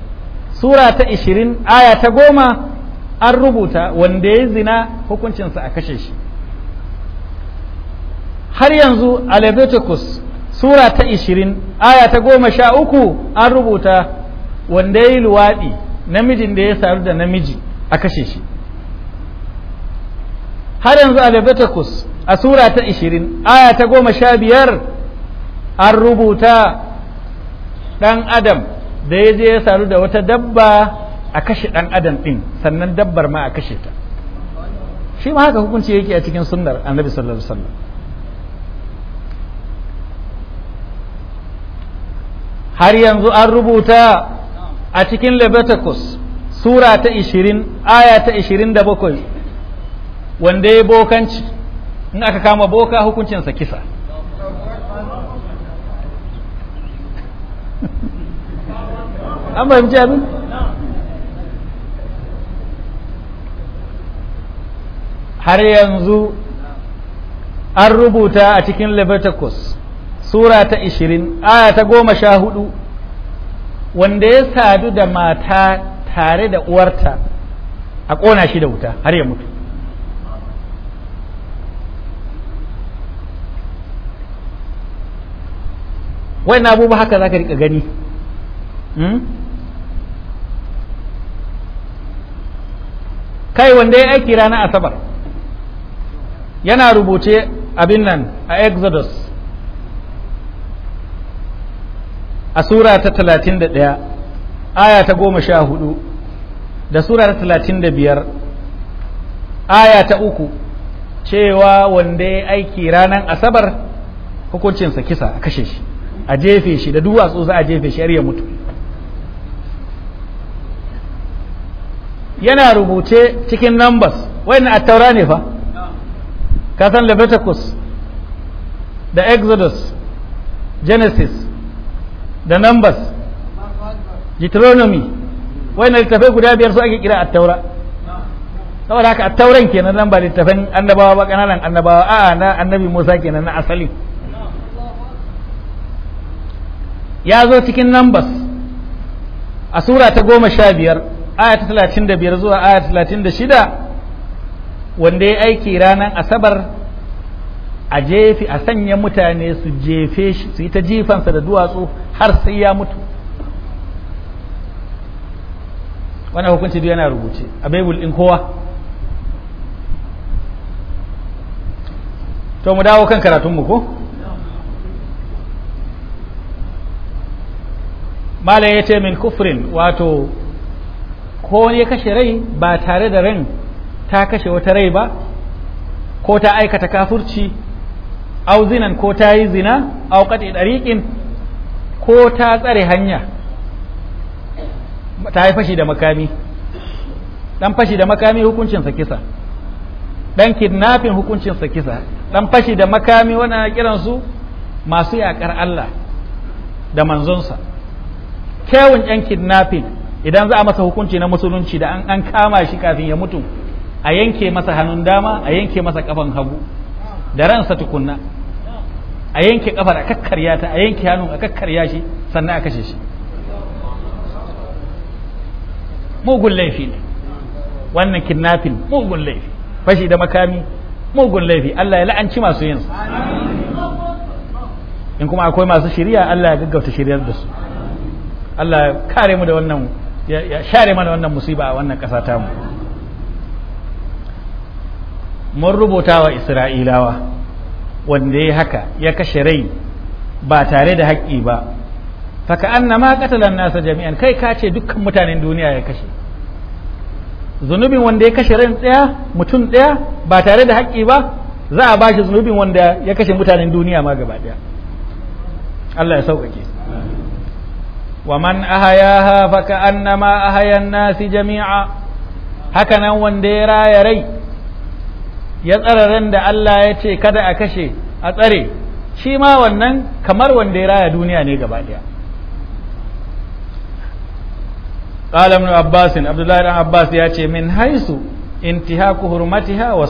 sura ta 20 aya ta goma an rubuta wanda ya zina hukuncinsa a kashe shi har yanzu a Leviticus sura ta 20 aya ta goma sha uku an rubuta wanda ya yi luwaɗi namijin da ya saru da namiji a kashe shi har yanzu a Leviticus a sura ta 20 aya ta goma sha biyar an rubuta ɗan adam da ya je ya saru da wata dabba a kashe ɗan adam ɗin sannan dabbar ma a kashe ta shi ma haka hukunci yake a cikin sunnar annabi sallallahu alaihi wasallam har yanzu an rubuta a cikin Leviticus sura ta 20 aya ta 27 wanda ya bokanci in aka kama boka hukuncinsa kisa an fahimci abin har yanzu an rubuta a cikin Leviticus sura ta ishirin aya ta goma sha hudu wanda ya sadu da mata tare da uwarta a ƙona shi da wuta har ya mutu wai na abubuwa haka za ka rika gani hmm? kai wanda ya aiki ranar asabar yana rubuce abin nan a exodus a sura ta talatin da ɗaya aya ta goma sha hudu da sura ta talatin da biyar aya ta uku cewa wanda ya aiki ranar asabar hukuncinsa kisa a kashe shi a jefe shi da duwatsu za a jefe shi ya mutu yana rubuce cikin numbers na attaura ne fa kasan leviticus da exodus genesis da numbers deuteronomy wai na littafai guda biyar su ake kira attaura saboda haka attauran kenan nan ba littafan annabawa ba kananan annabawa a na annabi musa kenan na asali ya zo cikin numbers a sura ta goma sha biyar aya ta talatin da biyar zuwa aya talatin da shida wanda ya aiki ranar asabar a jefi a sanya mutane su jefe shi su yi ta jifansa da duwatsu har sai ya mutu wannan hukunci duk yana rubuce a baibul in kowa to mu dawo kan karatunmu ko malam ya ce min kufrin wato ko ne kashe rai ba tare da ran ta kashe wata rai ba ko ta aikata kafurci au zinan ko ta yi zina au kaɗe ɗariƙin ko ta tsare hanya ta yi fashi da makami ɗan fashi da makami hukuncinsa kisa ɗan kidnafin hukuncinsa kisa ɗan fashi da makami wana kiransu masu yaƙar Allah da manzonsa kyawun ɗan kidnafin idan za a masa hukunci na musulunci da an kama shi kafin ya mutu a yanke masa hannun dama a yanke masa kafan hagu da ransa tukunna a yanke kafar a kakkarya ta a yanke hannu a kakkarya shi sannan a kashe shi mugun laifi ne wannan kidnapping mugun laifi fashi da makami mugun laifi Allah ya la'anci masu yin su in kuma akwai masu shari'a Allah ya gaggauta shari'ar da su Allah ya kare mu da wannan ya share mana wannan musiba a wannan ƙasa tamu mun rubuta wa isra'ilawa wanda ya haka ya kashe rai ba tare da haƙƙi ba faka anna ma qatalan nasa jami'an kai ka ce dukkan mutanen duniya ya kashe zunubin wanda ya kashe rai ɗaya mutum ɗaya ba tare da haƙƙi ba za a bashi zunubin wanda ya kashe mutanen duniya ma gaba ɗaya Allah ya sauƙaƙe wa man ahayaha faka annama ahayan nasi jami'a hakanan wanda ya raya rai ya tsara ran da Allah ya ce kada a kashe a tsare shi ma wannan kamar wanda ya raya duniya ne gaba daya قال ابن عباس عبد الله بن عباس ياتي من حيث انتهاك wa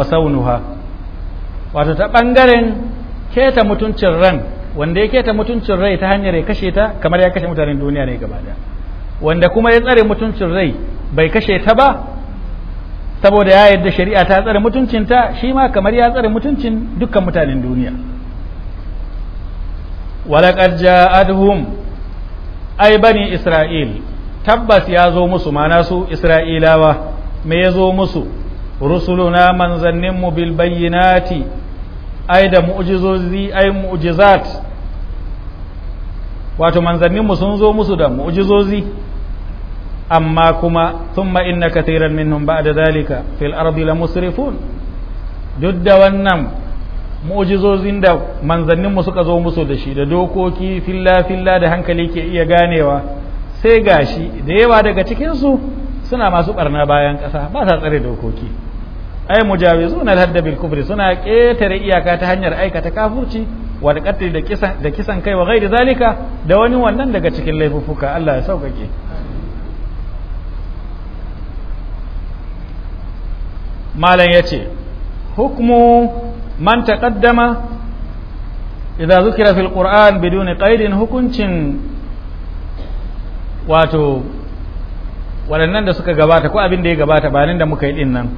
وصونها wato ta bangaren keta mutuncin ran wanda ya keta mutuncin rai ta hanyar ya kashe ta kamar ya kashe mutanen duniya ne gaba ɗaya wanda kuma ya tsare mutuncin rai bai kashe ta ba saboda ya yarda shari'a ta tsare mutuncinta shi ma kamar ya tsare mutuncin dukkan mutanen duniya walaƙar ja'adhum ai bani isra'il tabbas ya zo musu mana su isra'ilawa me ya zo musu rusuluna manzanninmu bil bayyinati ai da mu'jizozi ai mu'jizat wato manzanninmu sun zo musu da mu'jizozi amma kuma thumma inna katiran minhum ba'da zalika fil ardi la musrifun duk da wannan mu'jizozin da manzannin mu suka zo musu da shi da dokoki filla filla da hankali ke iya ganewa sai gashi da yawa daga cikin su suna masu barna bayan ƙasa ba sa tsare dokoki ai mujawizuna al-hadda bil kufri suna ƙetare iyaka ta hanyar aikata kafurci wa da da kisan da kisan kai wa ghairi zalika da wani wannan daga cikin laifuffuka Allah ya sauƙaƙe malam ya ce hukmu man taqaddama idza zukira fil qur'an biduni qaidin hukuncin wato waɗannan da suka gabata ko abin da ya gabata ba da muka yi din nan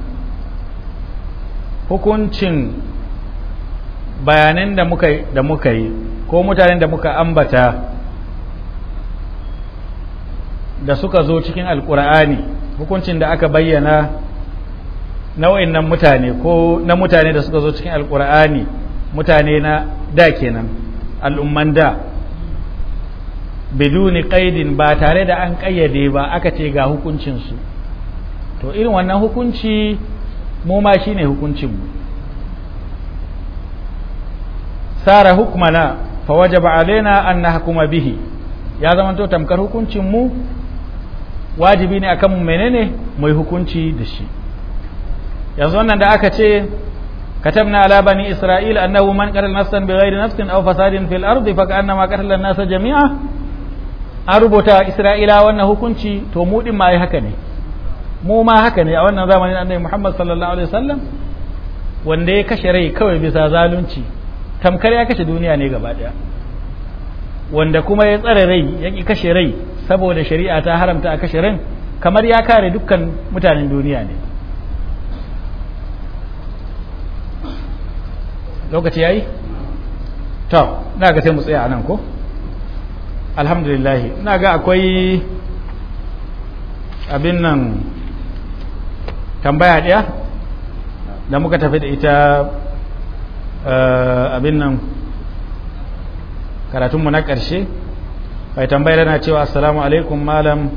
hukuncin bayanan da muka da muka yi ko mutanen da muka ambata da suka zo cikin alkur'ani hukuncin da aka bayyana nau'in nan mutane ko na mutane da suka zo cikin alkur'ani mutane na da kenan al'umman da biduni qaidin ba tare da an kayyade ba aka ce ga hukuncinsu to irin wannan hukunci mu ma shine hukuncinmu sara hukmana fa wajaba alaina an nahkuma bihi ya zama to tamkar mu wajibi ne akan mu menene mai hukunci da shi yanzu wannan da aka ce katabna ala bani isra'il annahu man qatala nafsan bighairi nafsin aw fasadin fil ardi fa ka'annama qatala an-nasa jami'a an rubuta isra'ila wannan hukunci to mu din ma yi haka ne mu ma haka ne a wannan zamanin annabi Muhammad sallallahu alaihi wasallam wanda ya kashe rai kawai bisa zalunci tamkar ya kashe duniya ne gaba daya wanda kuma ya tsare rai ya ki kashe rai saboda shari'a ta haramta a kashe ran kamar ya kare dukkan mutanen duniya ne lokaci yayi to na ga sai mu tsaya anan ko alhamdulillah na ga akwai abin nan tambaya ɗaya da muka tafi da ita eh, abin nan karatunmu na karshe bai tambayar na cewa assalamu alaikum malam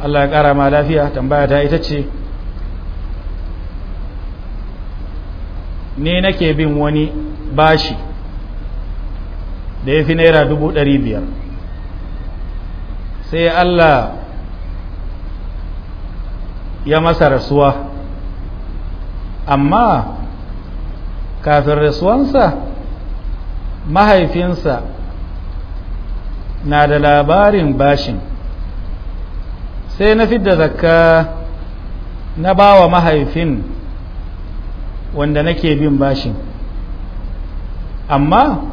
Allah ya ƙara ma lafiya tambaya ta ita ce ne nake bin wani bashi da ya fi naira dubu ɗari biyar sai Allah ya masa rasuwa amma kafin rasuwansa mahaifinsa na da labarin bashin sai na fidda zakka na bawa mahaifin wanda nake bin bashin amma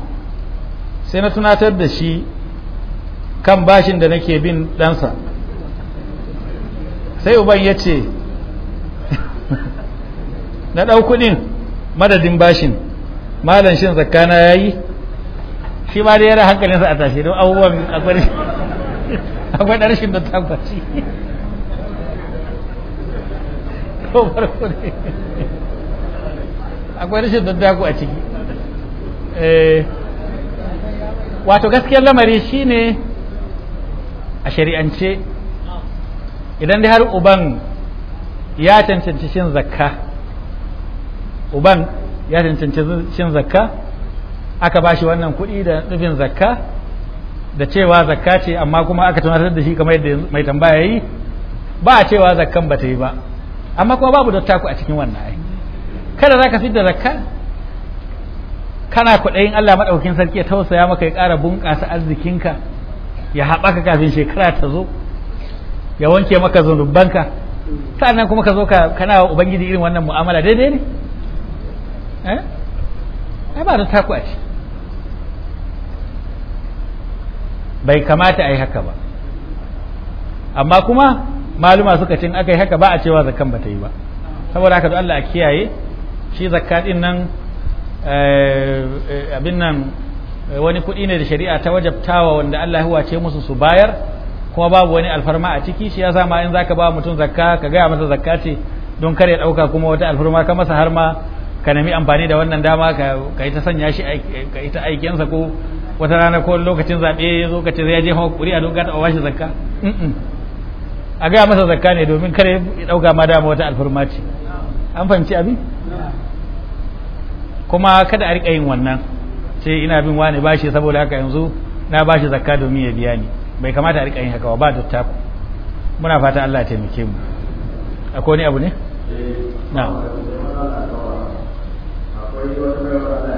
sai na tunatar da shi kan bashin da nake bin ɗansa sai uban ya ce na ɗau kuɗin madadin bashin malan shin zakana ya yi shi ma da yana hankalinsa a tashi don abubuwan akwai da da tabbaci akwai rashin daddaku a ciki eh, wato gaskiyar lamari shine a shari'ance idan dai har uban ya cancanci shin zakka uban ya cancanci shin zakka aka ba shi wannan kuɗi da nufin zakka da cewa zakka ce amma kuma aka tunatar da shi kamar yadda mai tambaya yi ba a cewa zakkan ba ta yi ba amma kuma babu dattaku a cikin wannan ai kada za ka fi da zakka kana kuɗayin Allah maɗaukin sarki ya tausaya maka ya ƙara bunƙasa arzikinka ya haɓaka kafin shekara ta zo ya wanke maka zunubanka sannan kuma ka zo ka kana wa ubangiji irin wannan mu'amala daidai ne eh ai ba da taku a ci bai kamata a yi haka ba amma kuma maluma suka cin aka yi haka ba a cewa zakan ba ta yi ba saboda haka Allah a kiyaye shi zakka din nan eh, abin nan eh, wani kuɗi ne da shari'a ta wajabtawa wanda Allah ya wace musu su bayar kuma babu wani alfarma a ciki shi sa ma in zaka ba mutum zakka ka gaya masa zakka ce don kar ya dauka kuma wata alfarma ka masa har ma ka nemi amfani da wannan dama ka yi ta sanya shi ka yi ta sa ko wata rana ko lokacin zaɓe ya zo ka ce zai je hawa kuri a doka ta shi zakka a gaya masa zakka ne domin kare ya ɗauka ma dama wata alfarma ce an fahimci abin kuma kada a riƙa yin wannan ce ina bin wani bashi saboda haka yanzu na bashi zakka domin ya biya ni bai kamata a riƙa yin haka ba dutta ku muna fata Allah ya taimake mu akwai wani abu ne eh, na'am akwai